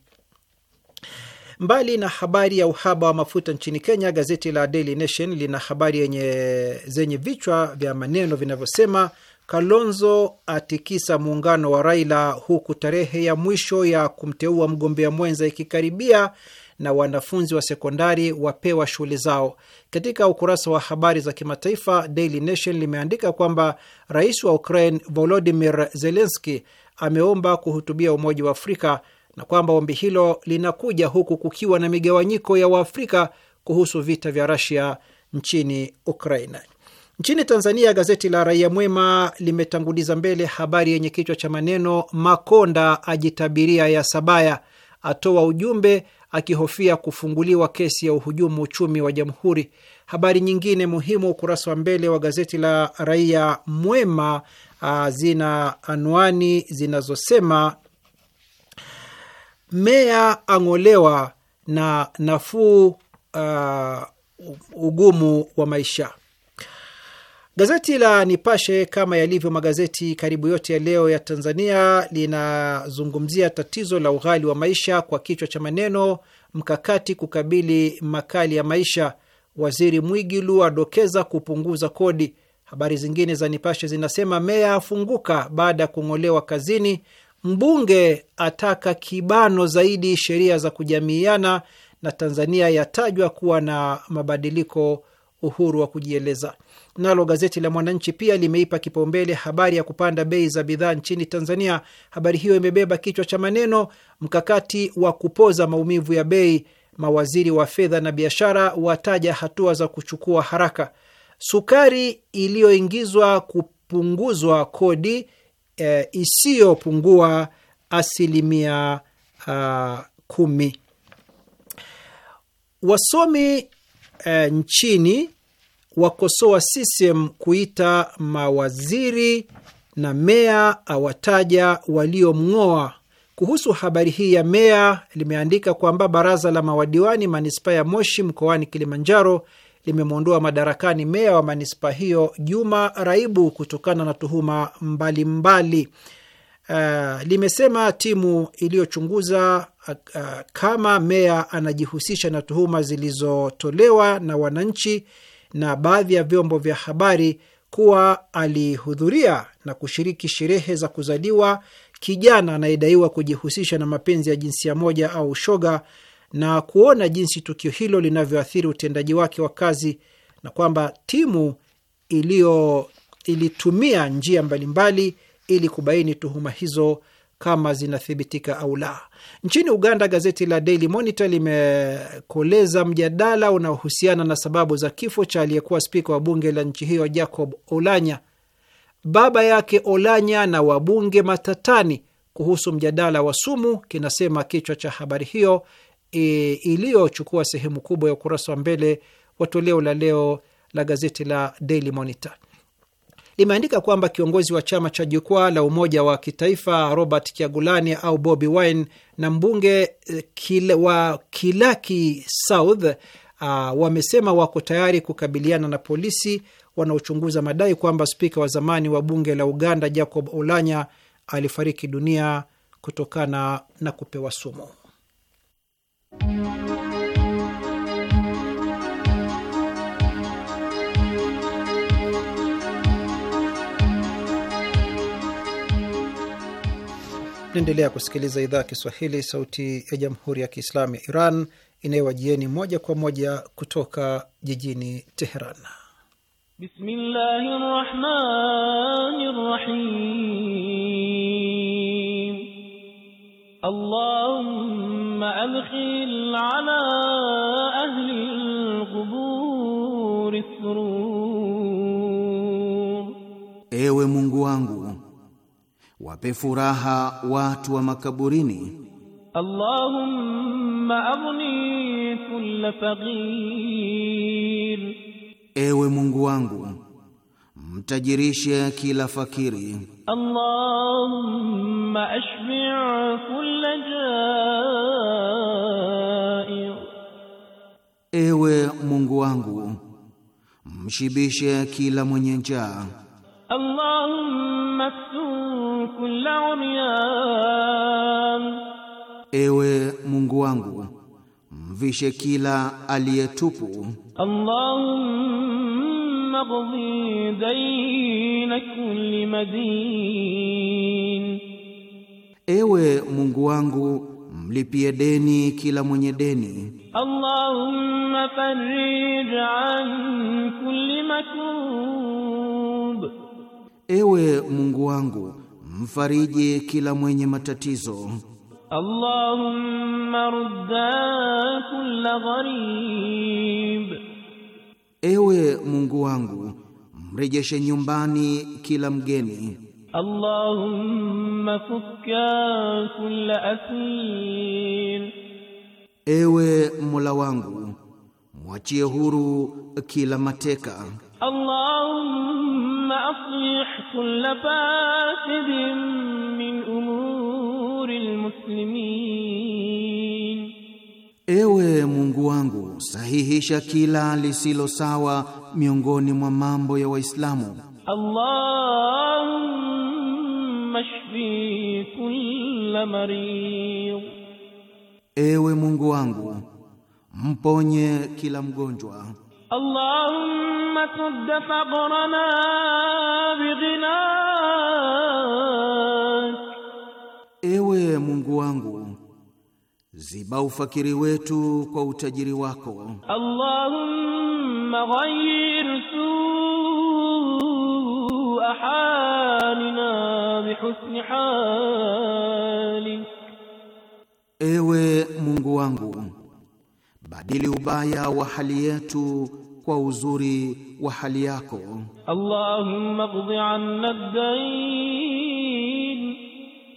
Mbali na habari ya uhaba wa mafuta nchini Kenya, gazeti la Daily Nation lina habari yenye zenye vichwa vya maneno vinavyosema Kalonzo atikisa muungano wa Raila huku tarehe ya mwisho ya kumteua mgombea mwenza ikikaribia na wanafunzi wa sekondari wapewa shughuli zao. Katika ukurasa wa habari za kimataifa, Daily Nation limeandika kwamba rais wa Ukraine Volodymyr Zelensky ameomba kuhutubia Umoja wa Afrika na kwamba ombi hilo linakuja huku kukiwa na migawanyiko ya Waafrika kuhusu vita vya rasia nchini Ukraina. Nchini Tanzania, gazeti la Raia Mwema limetanguliza mbele habari yenye kichwa cha maneno Makonda ajitabiria ya Sabaya, atoa ujumbe akihofia kufunguliwa kesi ya uhujumu uchumi wa Jamhuri. Habari nyingine muhimu ukurasa wa mbele wa gazeti la Raia Mwema ah, zina anwani zinazosema Meya ang'olewa na nafuu uh, ugumu wa maisha. Gazeti la Nipashe, kama yalivyo magazeti karibu yote ya leo ya Tanzania, linazungumzia tatizo la ughali wa maisha kwa kichwa cha maneno, mkakati kukabili makali ya maisha, Waziri Mwigilu adokeza kupunguza kodi. Habari zingine za Nipashe zinasema meya afunguka baada ya kung'olewa kazini, Mbunge ataka kibano zaidi sheria za kujamiiana, na Tanzania yatajwa kuwa na mabadiliko uhuru wa kujieleza. Nalo gazeti la Mwananchi pia limeipa kipaumbele habari ya kupanda bei za bidhaa nchini Tanzania. Habari hiyo imebeba kichwa cha maneno, mkakati wa kupoza maumivu ya bei, mawaziri wa fedha na biashara wataja hatua za kuchukua haraka, sukari iliyoingizwa kupunguzwa kodi eh, isiyopungua asilimia uh, kumi. Wasomi eh, nchini wakosoa CCM kuita mawaziri na meya awataja waliomng'oa. Kuhusu habari hii ya meya limeandika kwamba baraza la mawadiwani manispaa ya Moshi mkoani Kilimanjaro limemwondoa madarakani meya wa manispa hiyo Juma Raibu kutokana na tuhuma mbalimbali mbali. Uh, limesema timu iliyochunguza uh, kama meya anajihusisha na tuhuma zilizotolewa na wananchi na baadhi ya vyombo vya habari kuwa alihudhuria na kushiriki sherehe za kuzaliwa kijana anayedaiwa kujihusisha na mapenzi ya jinsia moja au shoga na kuona jinsi tukio hilo linavyoathiri utendaji wake wa kazi na kwamba timu iliyo ilitumia njia mbalimbali ili kubaini tuhuma hizo kama zinathibitika au la. Nchini Uganda, gazeti la Daily Monitor limekoleza mjadala unaohusiana na sababu za kifo cha aliyekuwa spika wa bunge la nchi hiyo Jacob Olanya, baba yake Olanya na wabunge matatani kuhusu mjadala wa sumu, kinasema kichwa cha habari hiyo e, iliyochukua sehemu kubwa ya ukurasa wa mbele wa toleo la leo la gazeti la Daily Monitor limeandika kwamba kiongozi wa chama cha Jukwaa la Umoja wa Kitaifa Robert Kiagulani au Bobi Wine na mbunge eh, wa Kilaki South uh, wamesema wako tayari kukabiliana na polisi wanaochunguza madai kwamba spika wa zamani wa bunge la Uganda Jacob Olanya alifariki dunia kutokana na kupewa sumu. Naendelea kusikiliza idhaa ya Kiswahili, sauti ya jamhuri ya kiislamu ya Iran inayowajieni moja kwa moja kutoka jijini Teheran. Bismillahi rahmani rahim اللهم أدخل على أهل القبور السرور Ewe Mungu wangu wape furaha watu wa makaburini Allahumma aghni kulla faqir Ewe Mungu wangu mtajirishe kila fakiri. Allahumma ashbi kulla jai, ewe Mungu wangu mshibishe kila mwenye njaa. Allahumma kulla umyan, ewe Mungu wangu mvishe kila aliyetupu. Allahumma وقضي دينك لمدين ايوه مungu wangu mlipie deni kila mwenye deni allahumma farij an kulli makub ewe mungu wangu mfariji kila mwenye matatizo allahumma rudda kulla gharib Ewe Mungu wangu, mrejeshe nyumbani kila mgeni. Allahumma fukka kulla asir, Ewe Mola wangu, mwachie huru kila mateka. Allahumma aslih kulla fasidin min umuri almuslimin Ewe Mungu wangu, sahihisha kila lisilo sawa miongoni mwa mambo ya Waislamu. Allahumma shfi kulla marid, ewe Mungu wangu, mponye kila mgonjwa. Allahumma sadd faqrana bighina, ewe Mungu wangu ziba ufakiri wetu kwa utajiri wako. Allahumma ghayyir su'a halina bihusni hali, ewe Mungu wangu, badili ubaya wa hali yetu kwa uzuri wa hali yako. Allahumma qdi anna ad-dayn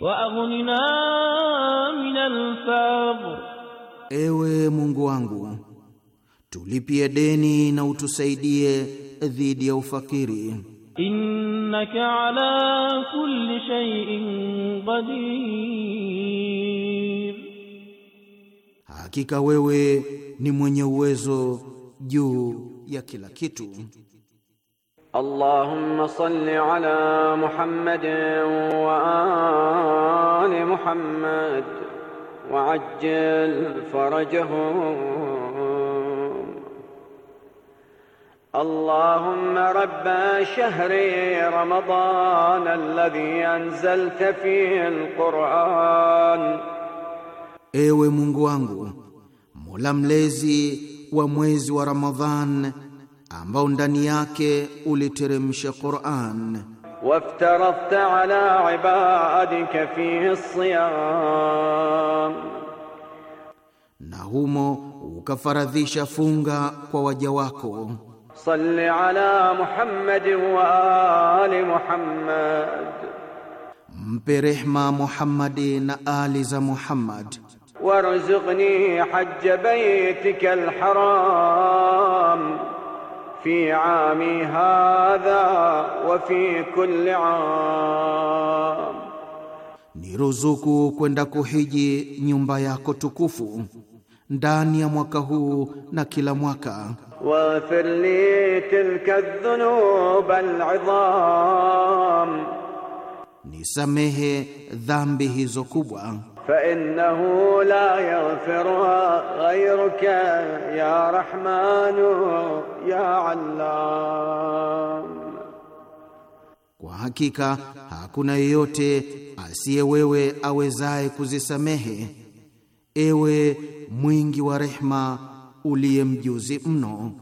Waaghina min alfaqr, ewe Mungu wangu tulipie deni na utusaidie dhidi ya ufakiri. Innaka ala kulli shay'in qadir, hakika wewe ni mwenye uwezo juu ya kila kitu. اللهم صل على محمد وآل محمد وعجل فرجهم اللهم رب شهر رمضان الذي أنزلت فيه القرآن ايوه Mungu wangu, مولا mlezi wa mwezi wa ambao ndani yake uliteremsha Qur'an. waftarafta ala ibadika fi siyam, na humo ukafaradhisha funga kwa waja wako. salli ala Muhammad wa ali Muhammad, mpe rehma Muhammadi na ali za Muhammad. warzuqni hajj baytika alharam في عامي هذا وفي كل عام aam, ni ruzuku kwenda kuhiji nyumba yako tukufu ndani ya mwaka huu na kila mwaka. Waghfir li tilka dhunub al'idham, nisamehe dhambi hizo kubwa فإنه لا يغفرها غيرك يا رحمن يا علام Kwa hakika hakuna yeyote asiye wewe awezaye kuzisamehe, ewe mwingi wa rehma, uliye mjuzi mno.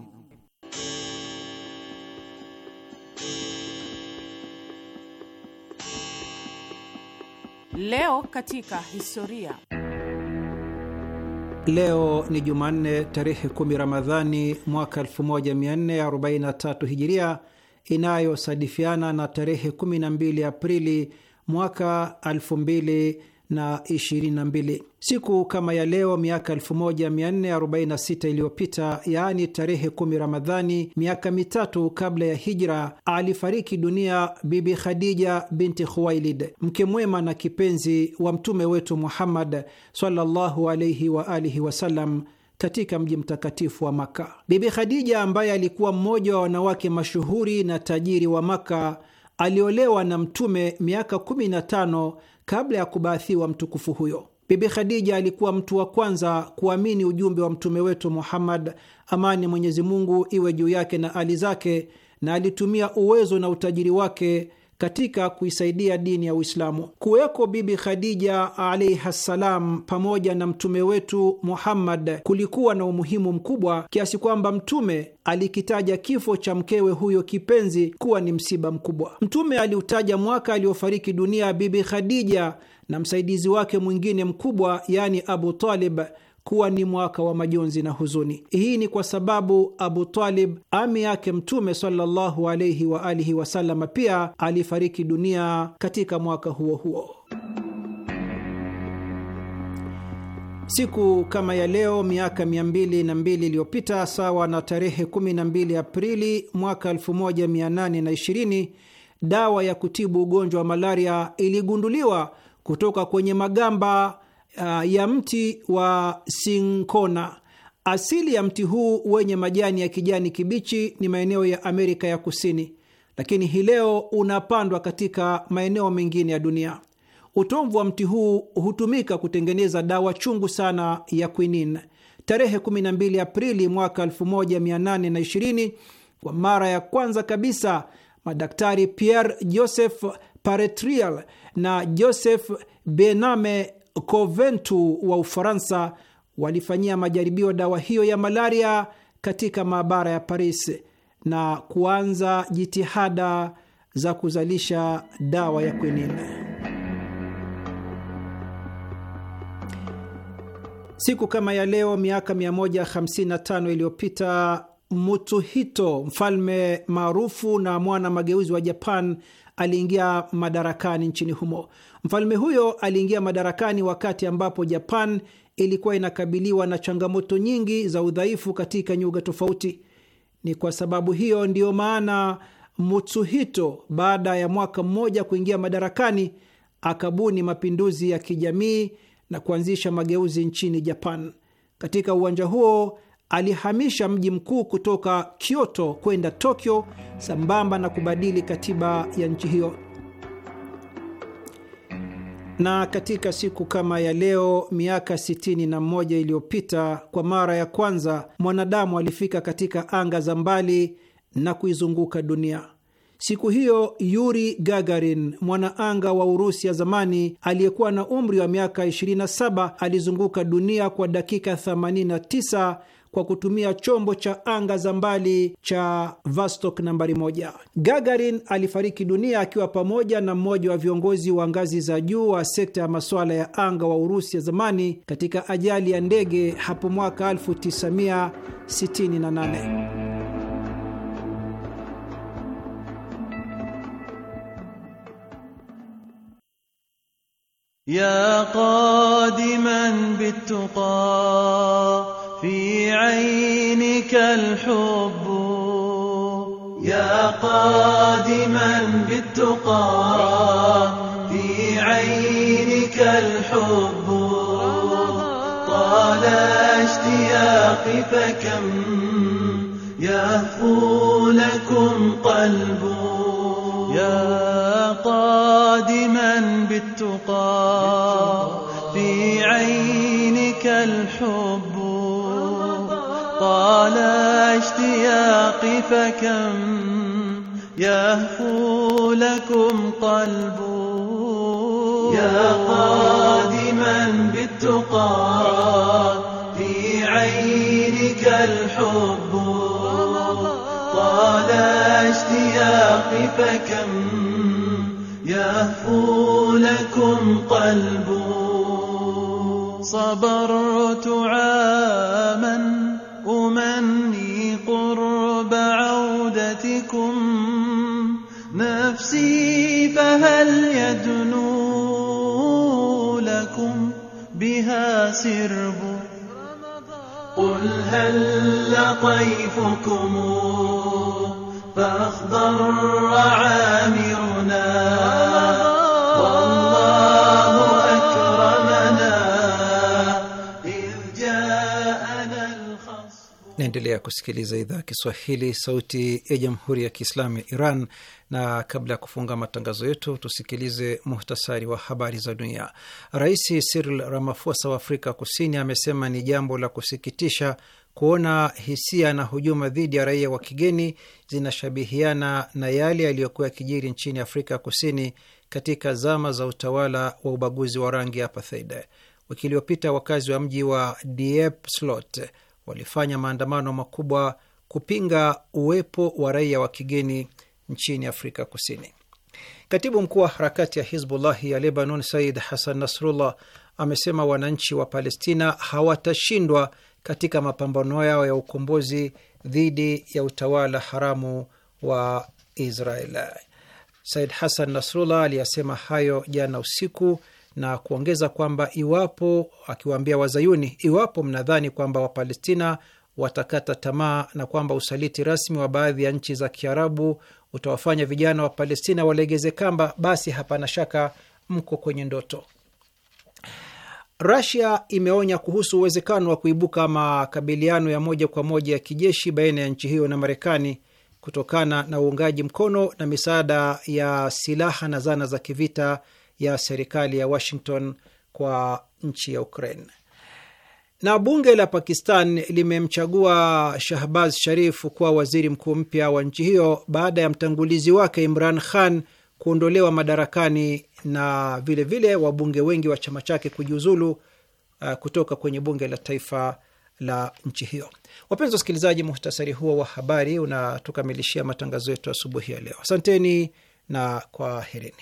Leo katika historia. Leo ni Jumanne tarehe 10 Ramadhani mwaka 1443 Hijiria, inayosadifiana na tarehe 12 Aprili mwaka 2000 na 22. Siku kama ya leo miaka 1446 iliyopita, yaani tarehe kumi Ramadhani, miaka mitatu kabla ya hijra, alifariki dunia Bibi Khadija binti Khuwailid, mke mwema na kipenzi wa mtume wetu Muhammad sallallahu alaihi wa alihi wasallam katika mji mtakatifu wa Maka. Bibi Khadija ambaye alikuwa mmoja wa wanawake mashuhuri na tajiri wa Maka aliolewa na Mtume miaka 15 kabla ya kubaathiwa mtukufu huyo. Bibi Khadija alikuwa mtu wa kwanza kuamini ujumbe wa mtume wetu Muhammad, amani Mwenyezi Mungu iwe juu yake na ali zake, na alitumia uwezo na utajiri wake katika kuisaidia dini ya Uislamu. Kuweko Bibi Khadija alaihi ssalam pamoja na mtume wetu Muhammad kulikuwa na umuhimu mkubwa kiasi kwamba mtume alikitaja kifo cha mkewe huyo kipenzi kuwa ni msiba mkubwa. Mtume aliutaja mwaka aliofariki dunia Bibi Khadija na msaidizi wake mwingine mkubwa, yaani Abu Talib kuwa ni mwaka wa majonzi na huzuni. Hii ni kwa sababu Abu Talib, ami yake Mtume sallallahu alaihi wa alihi wasalama, pia alifariki dunia katika mwaka huo huo. Siku kama ya leo miaka mia mbili na mbili iliyopita sawa na tarehe 12 Aprili mwaka 1820 dawa ya kutibu ugonjwa wa malaria iligunduliwa kutoka kwenye magamba uh, ya mti wa sinkona. Asili ya mti huu wenye majani ya kijani kibichi ni maeneo ya Amerika ya Kusini, lakini hii leo unapandwa katika maeneo mengine ya dunia. Utomvu wa mti huu hutumika kutengeneza dawa chungu sana ya quinin. Tarehe 12 Aprili mwaka 1820 kwa mara ya kwanza kabisa madaktari Pierre Joseph Paretrial na Joseph Bename Coventu wa Ufaransa walifanyia majaribio dawa hiyo ya malaria katika maabara ya Paris na kuanza jitihada za kuzalisha dawa ya kwinini. Siku kama ya leo miaka 155 iliyopita mutuhito mfalme maarufu na mwana mageuzi wa Japan, aliingia madarakani nchini humo. Mfalme huyo aliingia madarakani wakati ambapo Japan ilikuwa inakabiliwa na changamoto nyingi za udhaifu katika nyuga tofauti. Ni kwa sababu hiyo ndiyo maana Mutsuhito baada ya mwaka mmoja kuingia madarakani akabuni mapinduzi ya kijamii na kuanzisha mageuzi nchini Japan. Katika uwanja huo alihamisha mji mkuu kutoka Kyoto kwenda Tokyo sambamba na kubadili katiba ya nchi hiyo. Na katika siku kama ya leo miaka 61 iliyopita, kwa mara ya kwanza mwanadamu alifika katika anga za mbali na kuizunguka dunia. Siku hiyo Yuri Gagarin, mwanaanga wa Urusi ya zamani aliyekuwa na umri wa miaka 27, alizunguka dunia kwa dakika 89 kwa kutumia chombo cha anga za mbali cha Vostok nambari moja. Gagarin alifariki dunia akiwa pamoja na mmoja wa viongozi wa ngazi za juu wa sekta ya masuala ya anga wa Urusi ya zamani katika ajali ya ndege hapo mwaka 1968. Ya qadiman bittuqa في عينك الحب يا قادما بالتقى في عينك الحب طال اشتياقي فكم يهفو لكم قلب يا قادما بالتقى في عينك الحب طال اشتياقي فكم يهفو لكم قلب يا قادما بالتقى في عينك الحب طال اشتياقي فكم يهفو لكم قلب صبرت عاما أمني قرب عودتكم نفسي فهل يدنو لكم بها سرب قل هل لطيفكم فاخضر عامرنا Mnaendelea kusikiliza idhaa ya Kiswahili, sauti ya jamhuri ya kiislamu ya Iran. Na kabla ya kufunga matangazo yetu, tusikilize muhtasari wa habari za dunia. Rais Cyril Ramaphosa wa Afrika Kusini amesema ni jambo la kusikitisha kuona hisia na hujuma dhidi ya raia wa kigeni zinashabihiana na yale yaliyokuwa yakijiri nchini Afrika Kusini katika zama za utawala wa ubaguzi wa rangi apartheid. Wiki iliyopita wakazi wa mji wa Dieppe walifanya maandamano makubwa kupinga uwepo wa raia wa kigeni nchini Afrika Kusini. Katibu mkuu wa harakati ya Hizbullahi ya Lebanon, Said Hassan Nasrullah, amesema wananchi wa Palestina hawatashindwa katika mapambano yao ya ukombozi dhidi ya utawala haramu wa Israel. Said Hassan Nasrullah aliyasema hayo jana usiku na kuongeza kwamba iwapo, akiwaambia Wazayuni, iwapo mnadhani kwamba Wapalestina watakata tamaa na kwamba usaliti rasmi wa baadhi ya nchi za Kiarabu utawafanya vijana wa Palestina walegeze kamba, basi hapana shaka mko kwenye ndoto. Rasia imeonya kuhusu uwezekano wa kuibuka makabiliano ya moja kwa moja ya kijeshi baina ya nchi hiyo na Marekani kutokana na uungaji mkono na misaada ya silaha na zana za kivita ya serikali ya Washington kwa nchi ya Ukraine. Na bunge la Pakistan limemchagua Shahbaz Sharif kuwa waziri mkuu mpya wa nchi hiyo baada ya mtangulizi wake Imran Khan kuondolewa madarakani na vilevile wabunge wengi wa chama chake kujiuzulu uh, kutoka kwenye bunge la taifa la nchi hiyo. Wapenzi wasikilizaji, muhtasari huo wa habari unatukamilishia matangazo yetu asubuhi ya leo. Asanteni na kwaherini.